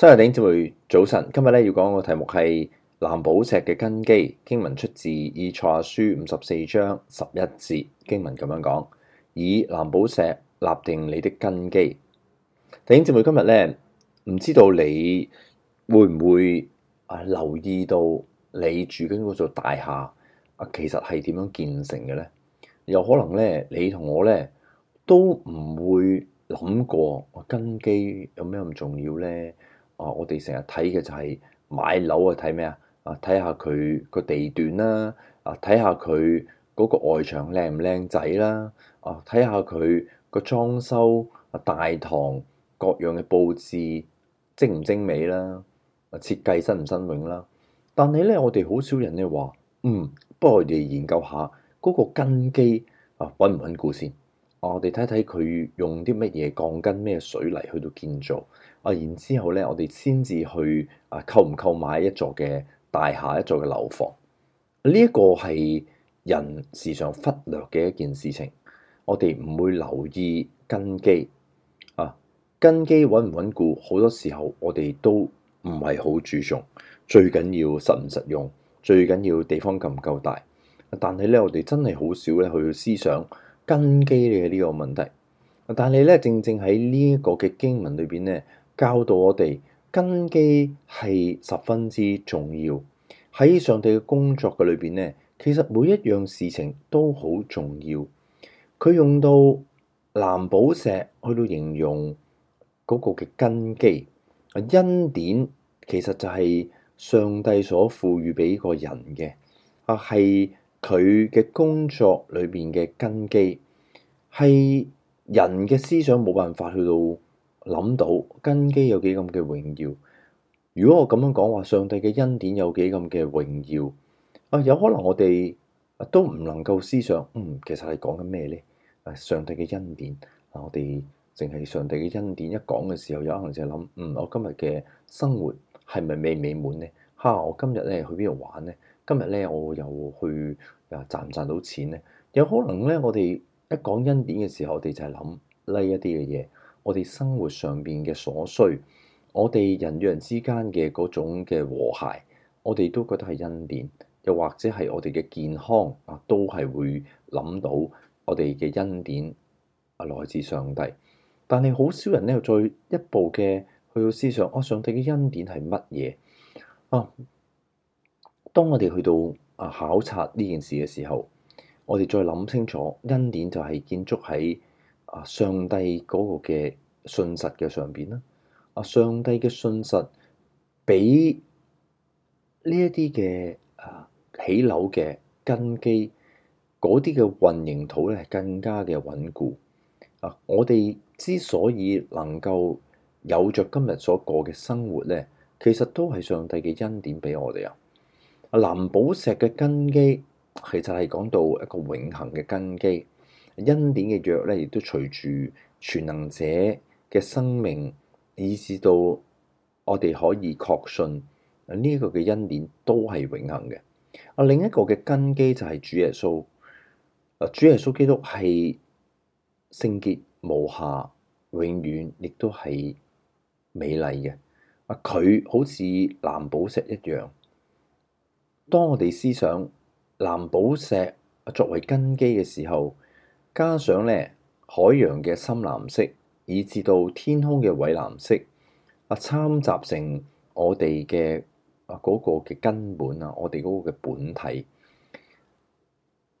真日頂姊妹早晨，今日咧要講個題目係藍寶石嘅根基。經文出自以賽亞書五十四章十一節，經文咁樣講：以藍寶石立定你的根基。頂姊妹今日咧，唔知道你會唔會啊留意到你住緊嗰座大廈啊，其實係點樣建成嘅咧？有可能咧，你同我咧都唔會諗過，我根基有咩咁重要咧？啊！我哋成日睇嘅就係買樓啊，睇咩啊？啊，睇下佢個地段啦，啊，睇下佢嗰個外牆靚唔靚仔啦，啊，睇下佢個裝修啊大堂各樣嘅佈置精唔精美啦，啊，設計新唔新穎啦，啊。但係咧，我哋好少人咧話，嗯，不如我哋研究下嗰個根基啊，穩唔穩固先。啊、我哋睇睇佢用啲乜嘢鋼筋、咩水泥去到建造啊，然之後咧，我哋先至去啊購唔購買一座嘅大廈、一座嘅樓房。呢一個係人時常忽略嘅一件事情，我哋唔會留意根基啊，根基穩唔穩固，好多時候我哋都唔係好注重。最緊要實唔實用，最緊要地方夠唔夠大。啊、但係咧，我哋真係好少咧去思想。根基嘅呢個問題，但係咧正正喺呢一個嘅經文裏邊咧，教導我哋根基係十分之重要。喺上帝嘅工作嘅裏邊咧，其實每一樣事情都好重要。佢用到藍寶石去到形容嗰個嘅根基，恩典其實就係上帝所賦予俾個人嘅啊，係。佢嘅工作裏邊嘅根基，係人嘅思想冇辦法去到諗到根基有幾咁嘅榮耀。如果我咁樣講話，上帝嘅恩典有幾咁嘅榮耀啊？有可能我哋都唔能夠思想，嗯，其實係講緊咩咧？上帝嘅恩典啊，我哋淨係上帝嘅恩典一講嘅時候，有可能就係諗，嗯，我今日嘅生活係咪未美滿咧？嚇、啊，我今日咧去邊度玩咧？今日咧，我又去啊，賺唔賺到錢咧？有可能咧，我哋一講恩典嘅時候，我哋就係諗呢一啲嘅嘢。我哋生活上邊嘅所需，我哋人與人之間嘅嗰種嘅和諧，我哋都覺得係恩典。又或者係我哋嘅健康啊，都係會諗到我哋嘅恩典啊來自上帝。但係好少人咧，再一步嘅去到思想，我、啊、上帝嘅恩典係乜嘢啊？當我哋去到啊考察呢件事嘅時候，我哋再諗清楚恩典就係建築喺啊上帝嗰個嘅信實嘅上邊啦。啊，上帝嘅信實比呢一啲嘅啊起樓嘅根基，嗰啲嘅混凝土咧更加嘅穩固啊。我哋之所以能夠有着今日所過嘅生活咧，其實都係上帝嘅恩典俾我哋啊。啊！藍寶石嘅根基其實係講到一個永恒嘅根基，恩典嘅約咧，亦都隨住全能者嘅生命，以至到我哋可以確信呢一個嘅恩典都係永恒嘅。啊，另一個嘅根基就係主耶穌。啊，主耶穌基督係聖潔無瑕、永遠亦都係美麗嘅。啊，佢好似藍寶石一樣。當我哋思想藍寶石作為根基嘅時候，加上咧海洋嘅深藍色，以至到天空嘅蔚藍色，啊摻雜成我哋嘅啊嗰個嘅根本啊，我哋嗰個嘅本體，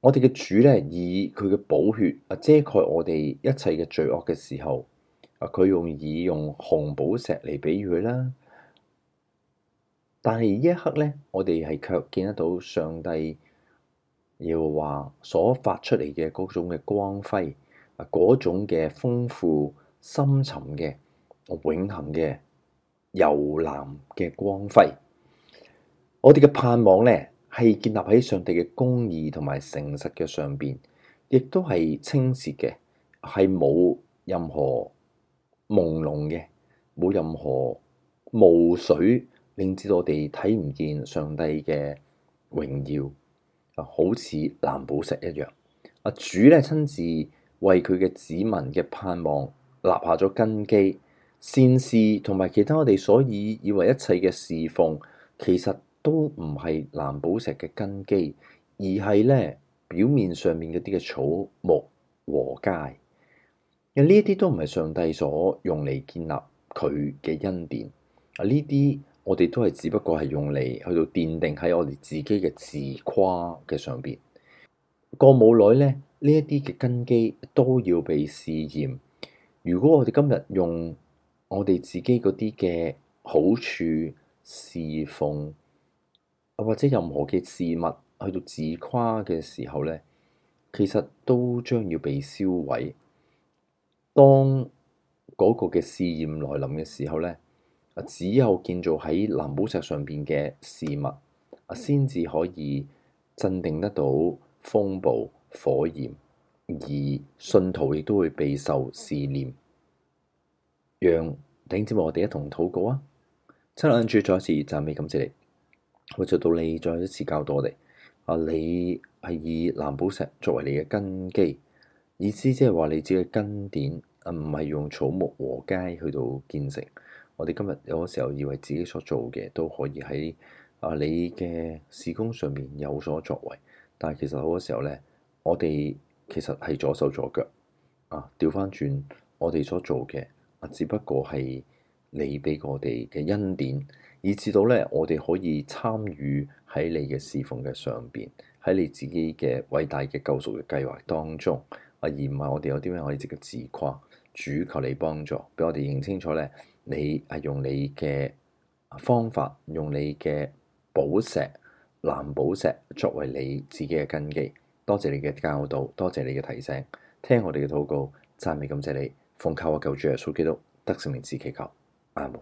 我哋嘅主咧以佢嘅寶血啊遮蓋我哋一切嘅罪惡嘅時候，啊佢用以用紅寶石嚟比喻佢啦。但係呢一刻咧，我哋係卻見得到上帝要話所發出嚟嘅嗰種嘅光輝啊，嗰種嘅豐富、深沉嘅永恆嘅柔藍嘅光輝。我哋嘅盼望咧係建立喺上帝嘅公義同埋誠實嘅上邊，亦都係清澈嘅，係冇任何朦朧嘅，冇任何霧水。令至我哋睇唔見上帝嘅榮耀啊，好似藍寶石一樣啊。主咧親自為佢嘅子民嘅盼望立下咗根基，善事同埋其他我哋所以以為一切嘅侍奉，其實都唔係藍寶石嘅根基，而係咧表面上面嗰啲嘅草木禾稭，因為呢一啲都唔係上帝所用嚟建立佢嘅恩典啊。呢啲我哋都係只不過係用嚟去到奠定喺我哋自己嘅自誇嘅上邊。過冇耐咧，呢一啲嘅根基都要被試驗。如果我哋今日用我哋自己嗰啲嘅好處侍奉，或者任何嘅事物去到自誇嘅時候咧，其實都將要被燒毀。當嗰個嘅試驗來臨嘅時候咧。只有建造喺藍寶石上邊嘅事物啊，先至可以鎮定得到風暴、火焰，而信徒亦都會備受試煉。讓頂尖，我哋一同禱告啊！親眼住，再一次讚美感謝你。我就到你再一次教導我哋。啊，你係以藍寶石作為你嘅根基，意思即係話你自己嘅根典啊，唔係用草木禾稭去到建成。我哋今日有嗰時候以為自己所做嘅都可以喺啊你嘅事工上面有所作為，但係其實好多時候呢，我哋其實係左手左腳啊，調翻轉我哋所做嘅啊，只不過係你俾我哋嘅恩典，以至到呢，我哋可以參與喺你嘅侍奉嘅上邊，喺你自己嘅偉大嘅救贖嘅計劃當中啊，而唔係我哋有啲咩可以直接自誇。主求你幫助，俾我哋認清楚咧。你係用你嘅方法，用你嘅寶石、藍寶石作為你自己嘅根基。多謝你嘅教導，多謝你嘅提醒，聽我哋嘅禱告，讚美感謝你。奉靠我救主耶穌基督，得勝名字祈求，阿門。